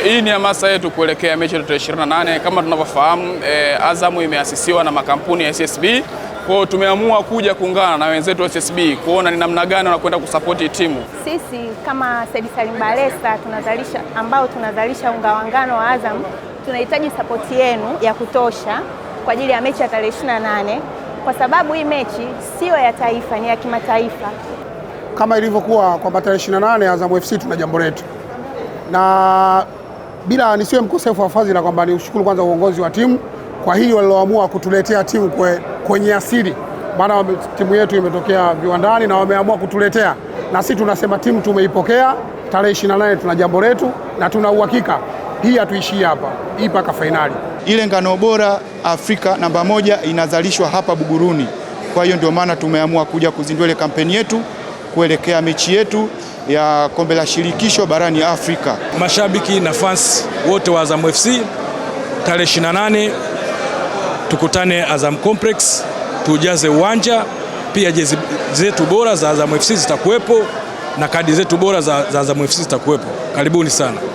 E, hii ni hamasa yetu kuelekea mechi ya tarehe 28. Kama tunavyofahamu e, eh, Azamu imeasisiwa na makampuni ya SSB. Kwa tumeamua kuja kuungana na wenzetu wa SSB kuona ni namna gani wanakwenda kusapoti timu. Sisi kama Said Salim Balesa tunazalisha ambao tunazalisha unga wa ngano wa Azam, tunahitaji sapoti yenu ya kutosha kwa ajili ya mechi ya tarehe 28 kwa sababu hii mechi siyo ya taifa, ni ya kimataifa. Kama ilivyokuwa kwamba tarehe 28 Azam FC tuna jambo letu na bila nisiwe mkosefu wa fadhila kwamba ni ushukuru kwanza uongozi wa timu kwa hili waliloamua kutuletea timu kwe, kwenye asili, maana timu yetu imetokea viwandani na wameamua kutuletea, na sisi tunasema timu tumeipokea. Tarehe 28 tuna jambo letu na tuna uhakika hii hatuishii hapa, hii mpaka fainali. Ile ngano bora Afrika namba moja inazalishwa hapa Buguruni. Kwa hiyo ndio maana tumeamua kuja kuzindua ile kampeni yetu kuelekea mechi yetu ya kombe la shirikisho barani Afrika. Mashabiki na fans wote wa Azam FC, tarehe 28 tukutane Azam Complex, tujaze uwanja. Pia jezi zetu bora za Azam FC zitakuwepo na kadi zetu bora za, za Azam FC zitakuwepo. Karibuni sana.